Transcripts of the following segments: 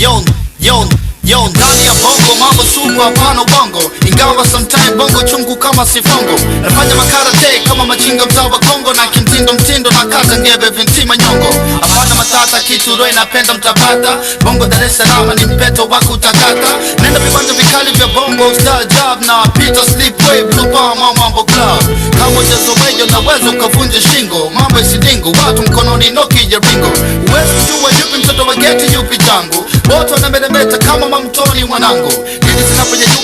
yon yon yon ndani ya bongo mambo sugu, hapana ubongo, ingawa sometime bongo chungu kama sifongo. Nafanya makarate kama machinga mzawa Kongo, na kimtindo mtindo na kaza ngebe vintima nyongo. apana matata kitu roe napenda mtapata, bongo Dar es Salaam ni mpeto wa kutakata. Nenda viwanja vikali vya bongo, star job na Peter Slipway, blue palm mambo club kama unaweza ukavunja shingo, mambo yasidengo, watu mkononi noki ya ringo. Uwezi kujua yupi mtoto wa geti yupi tangu, wote wanabedabeta kama mamtoni mwanangu. Dini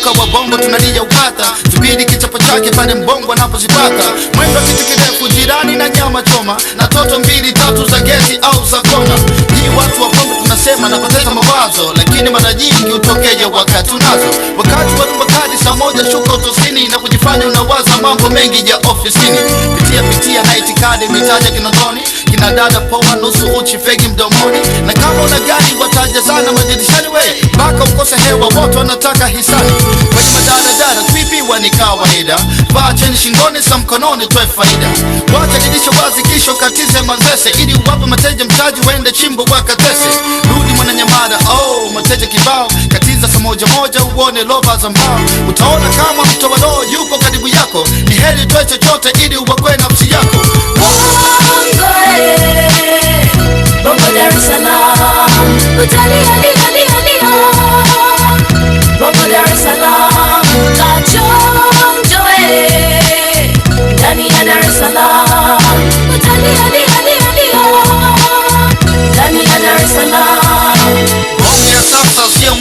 wa wabongo tunalia ukata, tupidi kichapo chake pale mbongo anapozipata, mwendo kitu kirefu jirani na nyama choma, na toto mbili tatu za geti au za kona. Ni watu wa bongo tunasema na pateza mawazo, lakini mara nyingi utokeje wakati unazo, wakati wa wakati saa moja shuka utosini na kujifanya unawaza mambo mengi ya ofisini aliyepitia na itikadi michache kinondoni kina dada poa nusu uchi fegi mdomoni na kama una gari wataja sana majidishani we mpaka ukose hewa watu wanataka hisani kwenye madaradara kuibiwa ni kawaida vaa cheni shingoni sa mkononi twe faida wacha dirisha wazi kisho katize mazese ili uwape mateja mtaji wende chimbo wakatese rudi mwananyamada oh mateja kibao moja moja uone lovers ambao utaona kama mto wa roho yuko karibu yako. Ni heri twe chochote ili uokoe nafsi yako. Bongo, eh,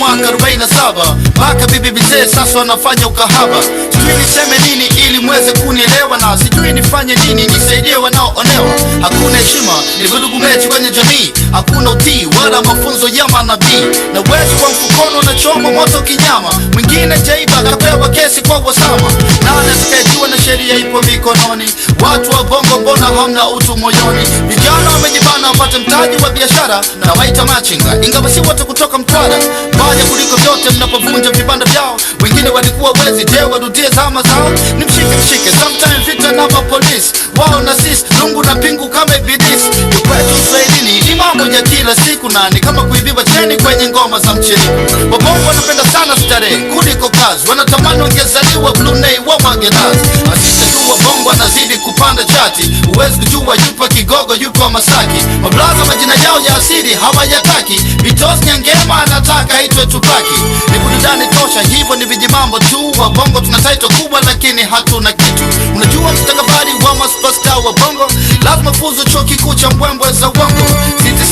mwaka 47 baka bibi bizee sasa wanafanya ukahaba. Sijui niseme nini ili mweze kunielewa, na sijui nifanye nini nisaidie wanaoonewa. Hakuna heshima, ni vurugu mechi kwenye jamii hakuna utii wala mafunzo ya manabii na wezi kwa na unachoma moto kinyama. Mwingine jaiba akapewa kesi kwa wasama nane zikaijiwa na sheria ipo mikononi. Watu wa bongo mbona hamna utu moyoni? Vijana wamejibana wapate mtaji wa biashara na waita machinga, ingawa si wote kutoka Mtwara. Baya kuliko vyote mnapovunja vibanda vyao, wengine walikuwa wezi, je warudie zama zao? Ni mshike mshike, sometimes vita na mapolisi wao na sisi, lungu na pingu kama ibidisi kwetu Swahilini mambo ya kila siku nani kama kuibiwa cheni kwenye ngoma za mchini Wabongo wanapenda sana starehe kuliko kazi, wanatamani wangezaliwa Brunei wa Wagerasi. Hakika tu wabongo wanazidi kupanda chati, uwezi kujua yupa Kigogo, yupa Masaki. Mablaza majina yao ya asili hawayataki, Bitos Nyangema anataka itwe Tupaki. Ni burudani tosha, hivyo ni vijimambo tu. Wabongo tuna kubwa, lakini hatuna kitu. Unajua mstakabali wa masupasta wa bongo lazima fuzu chuo kikuu cha mbwembwe za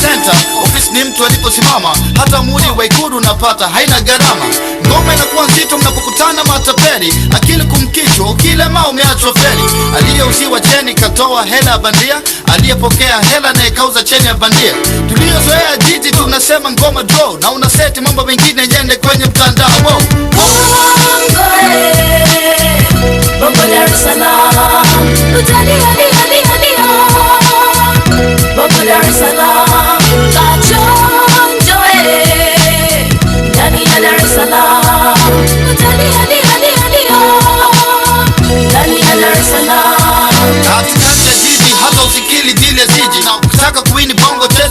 center, ofisi ni mtu aliposimama, hata muli wa Ikulu unapata, haina gharama. Ngoma inakuwa nzito mnapokutana matapeli, akili kumkichwa, ukilema umeachwa feli. Aliyeuziwa cheni katoa hela ya bandia, aliyepokea hela na ikauza cheni ya bandia. Tuliyozoea jiji tunasema ngoma draw, na una seti mambo mengine yende kwenye mtandao Bongo, Bongo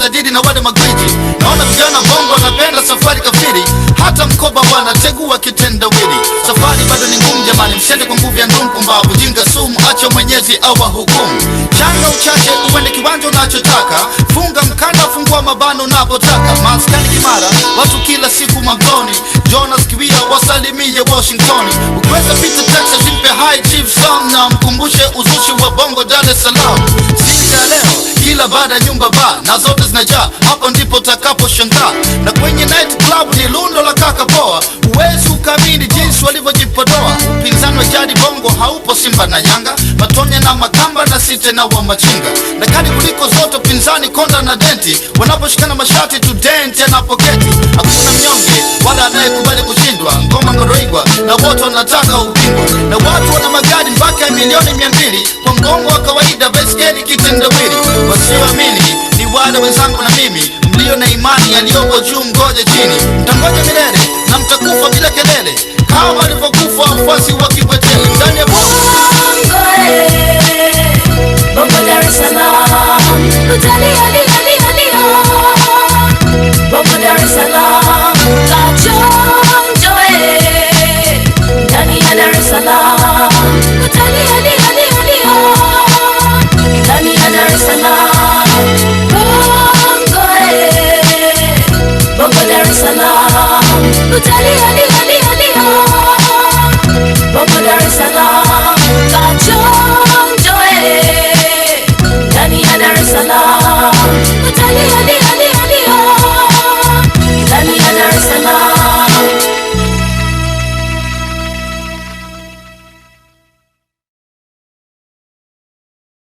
tajiri na wale magwiji. Naona vijana bongo wanapenda safari kafiri, hata mkoba wanachagua kitendawili. Safari bado ni ngumu jamani, msende kwa nguvu ya ndumu, kumbavu jinga sumu, acha Mwenyezi awahukumu changa uchache uende kiwanja unachotaka, funga mkanda, fungua mabano unapotaka. Maskani Kimara, watu kila siku magoni Jonas Kiwia wasalimie Washington, ukiweza pita Texas, zimpe high chief song na mkumbushe uzushi wa bongo Dar es Salaam. leo kila baada ya nyumba ba na zote zinajaa, hapo ndipo utakaposhangaa, na kwenye night club ni lundo la kaka poa jadi bongo haupo Simba na Yanga, Matonye na Makamba na Site na Wamachinga, na kali kuliko zote pinzani Konda na Denti wanaposhikana mashati tu Denti anapoketi. Hakuna mnyonge wala anayekubali kushindwa, ngoma ngoroigwa na wote wanataka ubingwa, na watu wana magari mpaka milioni mia mbili kwa mgongo wa kawaida, baiskeli kitendawili. Wasioamini ni wale wenzangu na mimi mlio na imani yaliyoko juu, mgoje chini